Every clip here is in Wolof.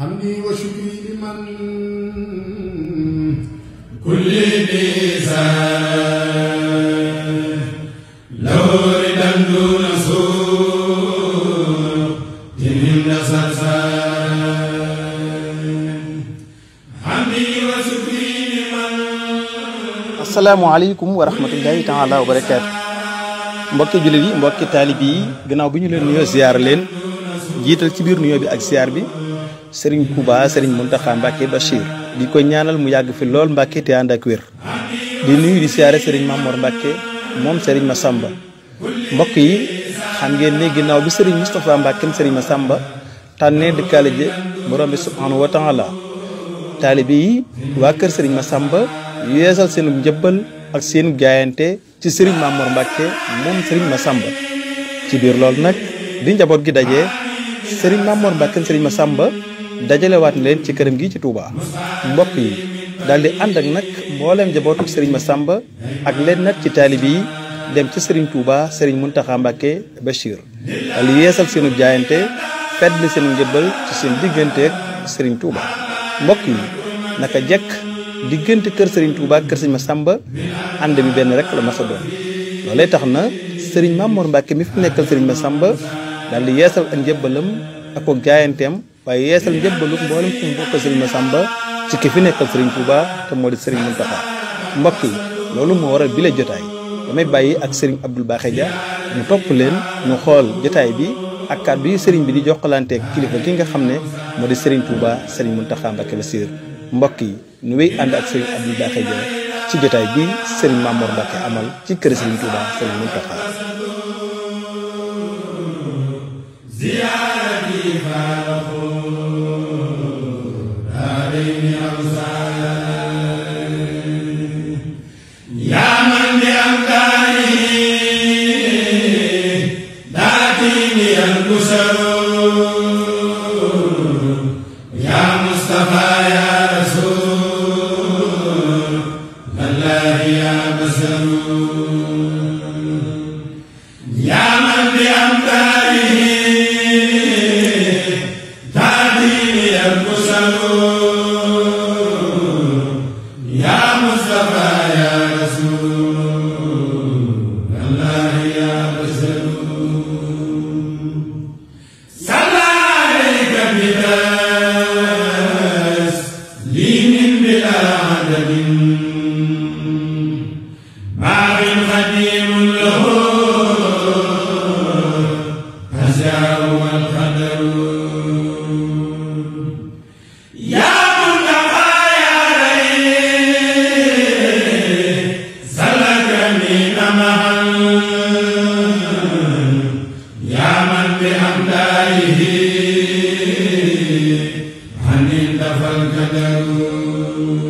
حمدي وشكري لمن كل ميزان لو ردا دون سوء جنين حمدي وشكري لمن mbokki jullit yi mbokki taalib yi gannaaw ñu leen nuyoo ziar leen jiital ci biir nuyoo bi ak ziar bi serigne kuba serigne Mountakha Mbacké Bachir di ko ñaanal mu yàgg fi lol Mbacké te and ak wer di nuyu di siyaare serigne Mamor Mbacké moom serigne Massamba mbokk yi xam ngeen ne ginnaaw bi serigne Moustapha sering serigne Massamba tanne de ji borom bi subhanahu wa taala talibi yi keur sering serigne Massamba yeesal seen jeppal ak seen gayante ci serigne Mamor Mbacké moom serigne Massamba ci bir lol nak di njabot gi serigne Mamor serigne Massamba dajalewaat na leen ci këram gi ci Touba mbokk yi daal di ànd ak nag mbooleem jabootu ma Massamba ak leen nag ci taalib yi dem ci sëriñ Touba Serigne Mountakha Mbacké Bachir daal yeesal seenu jaayante fedd seenu njëbbal ci seen digganteeg sëriñ Touba mbokk yi naka jekk diggante kër Serigne Touba ak kër Serigne Massamba ànd mi benn rek la mas a doon tax na Serigne Mamour Mbacké mi fi nekkal Serigne Massamba daal di yeesal ak njëbbalam ak ko jaayanteem waaye yeesal njëbbaluk mboolem suñu bokk sëriñ Masamba ci ki fi nekkal sëriñ Touba te moo di sëriñ Mountakha mbokk yi loolu moo waral bile jotaay damay bàyyi ak sëriñ Abdou Bakhe Dia ñu topp leen ñu xool jotaay bi ak kàddu yi sëriñ bi di jokkalanteeg kilifa ki nga xam ne moo di sëriñ Touba sëriñ Mountakha Mbacké Bassir mbokk yi nu wéy ànd ak sëriñ Abdou Bakhe Dia ci jotaay bi sëriñ Mamour Mbacké amal ci kër sëriñ Touba sëriñ Mountakha dafal kadaru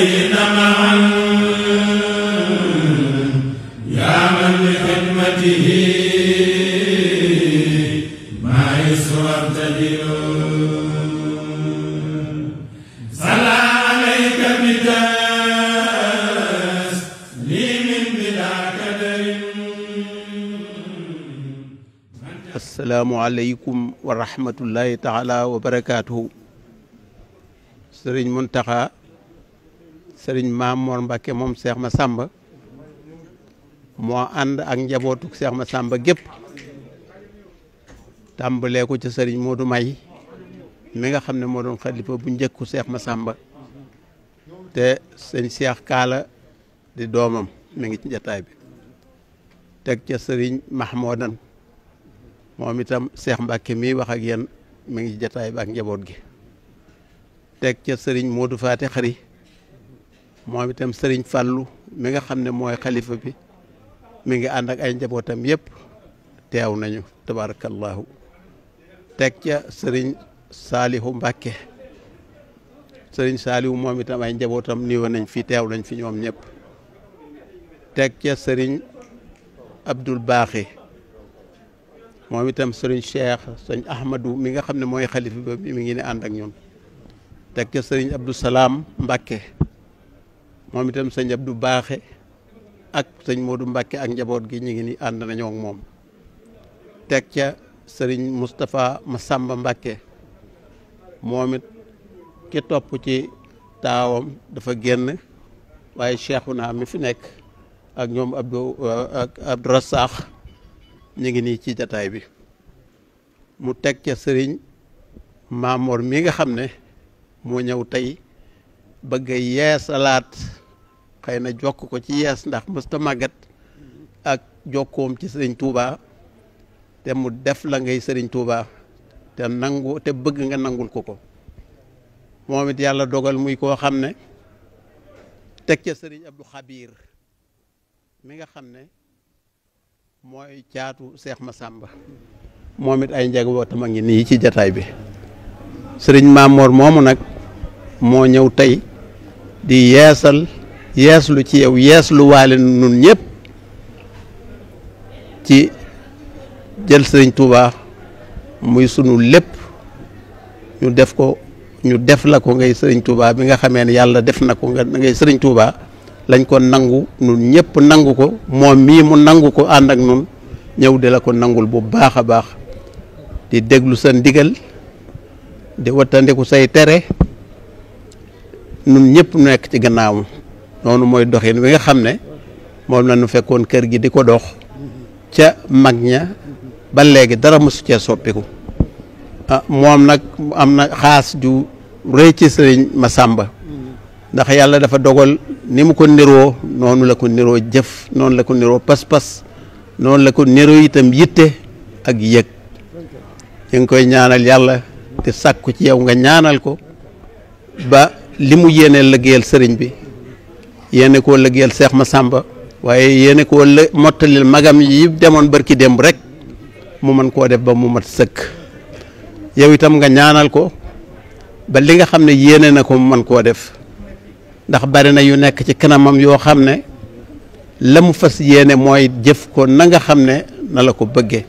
الذين معا يا من لخدمته ما يسوى صلى عليك بتسليم بلا قدر السلام عليكم ورحمة الله تعالى وبركاته sëriñ Muntaxa sëriñ maam Mor Mbacke moom ma Massamba moo ànd ak njabootu Cheikh Massamba gépp tàmbalee ko ci sëriñ Modou May mi nga xam ne moo doon xalifa bu njëkku ma Massamba te sëñ seek Kaala di doomam mi ngi ci njataay bi teg ca sëriñ Mahmoudan moom itam Cheikh mbake mi wax ak yéen mi ngi ci jataay bi ak njaboot gi teg ca sëriñ Modou Faté Xari moom itam sëriñ fàllu mi nga xam ne mooy xalifa bi mi ngi ànd ay njabootam yëpp teew nañu tabaarakallaahu teg ca sëriñ saalihu mbàkke sëriñ saalihu moom itam ay njabootam niwa nañ fi teew nañ fi ñoom ñëpp teg ca sëriñ abdul baaxi moom itam sëriñ cheikh sëñ ahmadu mi nga xam ne mooy xalifa bi mi ngi ne ànd ak ñoom teg ca sëriñ abdou salaam mbàkke mom itam seigne Abdou baxé ak seigne Modou mbacké ak njabot gi ñi ngi ni and nañu ak mom tek ca seigne mustapha Massamba mbacké momit ki top ci tawam dafa genn waye cheikhuna mi fi nek ak ñom Abdou ak Abdou Rassakh ngi ni ci jotaay bi mu tek ca seigne Maamoor mi nga xam mo ñew tay bëgg xëy na jokk ko ci yees ndax mësta màggat ak jokkoom ci sëriñ Touba te mu def la ngay sëriñ Touba te nangu te bëgg nga nangul ko ko moomit it yàlla dogal muy koo xam ne teg ca sëriñ Abdou Xabiir mi nga xam ne mooy caatu Seex Masamba moom it ay njabootam a ngi nii ci jataay bi sëriñ Maamoor moomu nag moo ñëw tey di yeesal yeeslu ci yow yeeslu waale nun ñëpp ci jël sëriñ Tuuba muy sunu lépp ñu def ko ñu def la ko ngay sëriñ Tuuba bi nga xamee ne yàlla def na ko nga ngay sëriñ Tuuba lañ ko nangu nun ñëpp nangu ko moom mii mu nangu ko ànd ak nun ñëw di la ko nangul bu baax a baax di déglu sa ndigal di wattandiku say tere nun ñëpp nekk ci gannaawam noonu mooy doxin wi nga xam ne moom la nu fekkoon kër gi di ko dox ca mag ña ba léegi dara mosu cee soppiku ah moom nag am na xaas ju rëy ci sëriñ ma sàmba ndax yàlla dafa dogal ni mu ko niroo noonu la ko niroo jëf noonu la ko niroo pas-pas noonu la ko niroo itam yitte ak yëg ñu ngi koy ñaanal yàlla te sàkku ci yow nga ñaanal ko ba li mu yéene liggéeyal sëriñ bi yéene koo lëggeel seex ma sàmba waaye yéene ko lë mottalil magam yi demoon barki démb rek mu mën koo def ba mu mat sëkk yow itam nga ñaanal ko ba li nga xam ne yéene na ko mu mën koo def ndax bari na yu nekk ci kanamam yoo xam ne la mu fas yéene mooy jëf ko na nga xam ne na la ko bëggee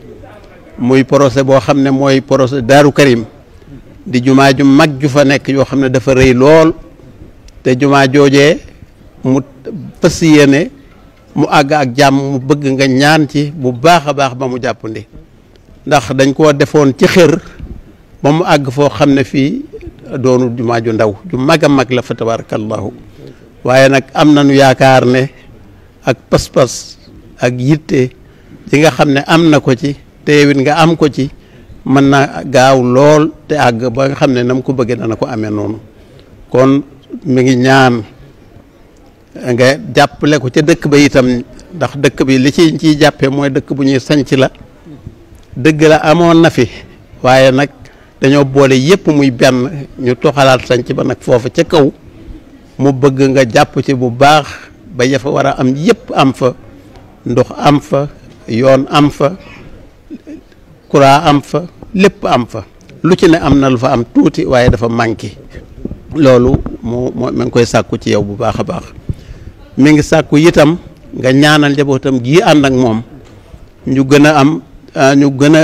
muy projet boo xam ne mooy projet Daaru Karim di jumaa ju mag ju fa nekk yoo xam ne dafa rëy lool te jumaa joojee mu fas yéene mu àgg ak jàmm mu bëgg nga ñaan ci bu baax a baax ba mu jàppandi ndax dañ koo defoon ci xër ba mu àgg foo xam ne fii doonu jumaa ju ndaw ju mag a mag la fa tabarakallahu waaye nag am nañu yaakaar ne ak pas-pas ak yitte ci nga xam ne am na ko ci teewit nga am ko ci mën na gaaw lool te àgg ba nga xam ne nam ko bëggee na ko amee noonu kon mi ngi ñaan nga jàppale ko ca dëkk ba itam ndax dëkk bi li ci ciy jàppee mooy dëkk bu ñuy sanc la dëgg la amoon na fi waaye nag dañoo boole yépp muy benn ñu toxalaat sanc ba nag foofu ca kaw mu bëgg nga jàpp ci bu baax ba yafa war a am yépp am fa ndox am fa yoon am fa courant am fa lépp am fa lu ci ne am na lu fa am tuuti waaye dafa manqué loolu mu mu ngi koy sàkku ci yow bu baax a baax mi ngi sàkku itam nga ñaanal njabootam gi ànd ak moom ñu gën a am ah, ñu gën a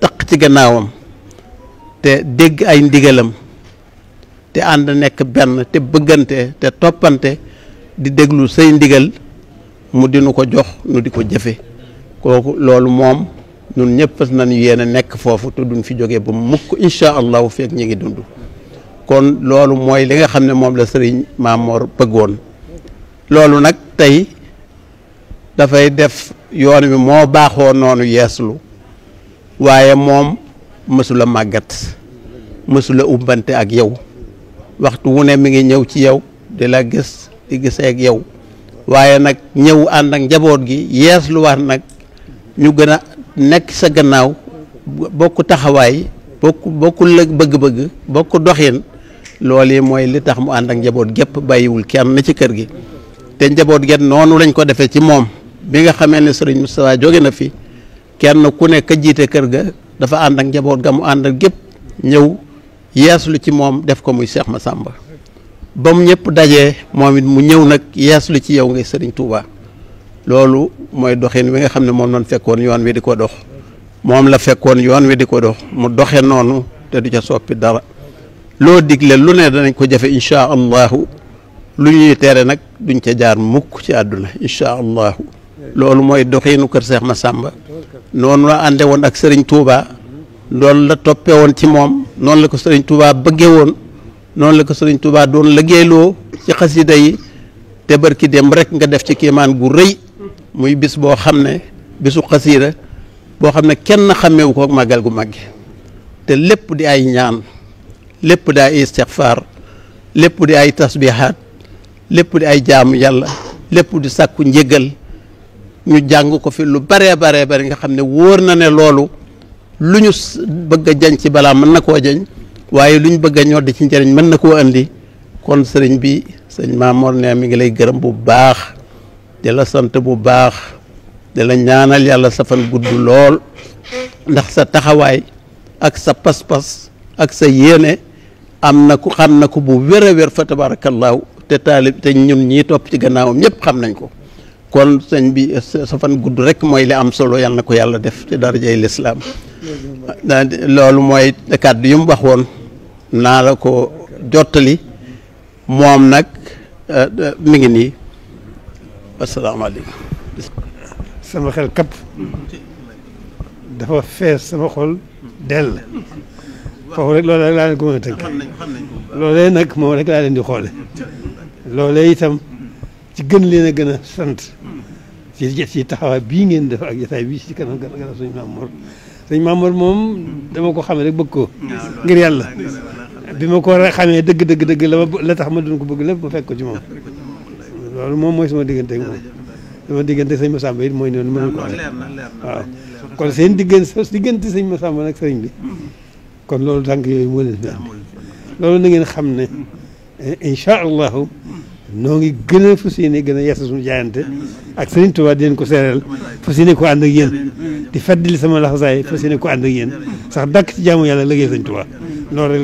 taq ci gannaawam te dégg ay ndigalam te ànd nekk benn te bëggante te toppante di déglu say ndigal mu dinu ko jox nu di ko jëfe kooku loolu moom nun ñëpp fas nañu yéene nekk foofu te duñ fi jóge ba mu mukk incha allahu feeg ñi ngi dund kon loolu mooy li nga xam ne moom la sëriñ Maamoor bëggoon loolu nag tey dafay def yoon wi moo baaxoo noonu yeeslu waaye moom mësula màggat mësula umbante ak yow waxtu wu ne mi ngi ñëw ci yow di la gis di gisee ak yow waaye nag ñëw ànd ak njaboot gi yeeslu wax nag ñu gën a nekk sa gannaaw bokk taxawaay bokk bokku bëgg-bëgg bokk doxin loolu mooy li tax mu ànd ak njaboot gépp bàyyiwul kenn ci kër gi te njaboot gen noonu lañ ko defee ci moom bi nga xamee ne sëriñ Moustapha jóge na fi kenn ku nekk jiite kër ga dafa ànd ak njaboot ga mu ànd ak gépp ñëw lu ci moom def ko muy Cheikh Massamba ba mu ñëpp dajee moom it mu ñëw nag lu ci yow ngay sëriñ Touba loolu mooy doxin wi nga xam ne moom lañ fekkoon yoon wi di ko dox moom la fekkoon yoon wi di ko dox mu doxe noonu te du ca soppi dara loo digle lu ne danañ ko jafe incha allahu lu ñuy tere nag duñ ca jaar mukk ci àdduna incha allahu loolu mooy doxiinu kër Seex Masàmba noonu la ànde woon ak sëriñ Touba loolu la toppee woon ci moom noonu la ko sëriñ Touba bëgge woon noonu la ko sëriñ Touba doon liggéeyloo ci xasida yi te barki dem rek nga def ci kiimaan gu rëy muy bis boo xam ne bisu xasida boo xam ne kenn xàmmewu ko màggal gu màgge te lépp di ay ñaan lépp di ay istixfaar lépp di ay tasbihaat lépp di ay jaamu yàlla lépp di sàkku njégal ñu jàng ko fi lu baree baree bari nga xam ne wóor na ne loolu lu ñu bëgg a jañ ci balaa mën na koo jañ waaye lu ñu bëgg a ñor di ci njëriñ mën na koo andi kon sëriñ bi sëñ Maamoor ne mi ngi lay gërëm bu baax di la sant bu baax di la ñaanal yàlla sa fan gudd lool ndax sa taxawaay ak sa pas-pas ak sa yéene am na ku xam na ko bu wér a wér fa tabaarakallaahu te taalib te ñun ñii topp ci gannaawam ñëpp xam nañ ko kon sëñ bi sa fan gudd rek mooy li am solo yàlla na ko yàlla def ci darajay lislaam loolu mooy kàddu yu mu wax woon naa la ko jottali moom nag eh, eh, mi ngi nii asalaamaaleykum sama xel kapp dafa fees sama xol dell foofu rek loolu laa leen ko mën a loolu rek nag moom rek laa leen di xoole loolee itam ci gën leen a gën a sant ci ci taxawaay bii ngeen def ak jotaay bii ci kanam gën a suñu Mamour suñu Mamour moom dama ko xamee rek bëgg ko ngir yàlla bi ma ko xamee dëgg dëgg dëgg la la tax ma doon ko bëgg lépp ma fekk ko ci moom loolu moom mooy sama diggante ak moom sama diggante sëñ Massamba mooy noonu mën ko waaw kon seen diggante sa diggante sëñ Massamba nag sëriñ bi mm-hmm. kon loolu tànk yooyu moo leen fi loolu na xam ne incha allahu gën a fas yéene gën a yeesal suñu jaayante ak Serigne Touba di leen ko seeral fas ko ànd ak di fàttali sama laxasaay fas yéene ko ànd ak sax dàkk ci jaamu yàlla liggéey Serigne Touba loolu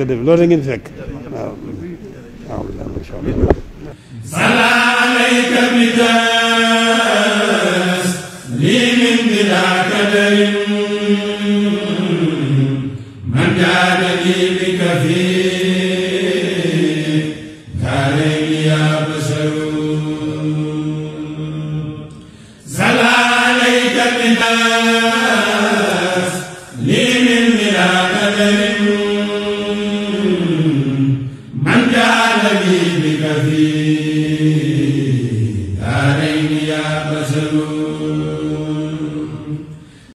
fekk waaw waaw bi taas lii min bi daa kadarin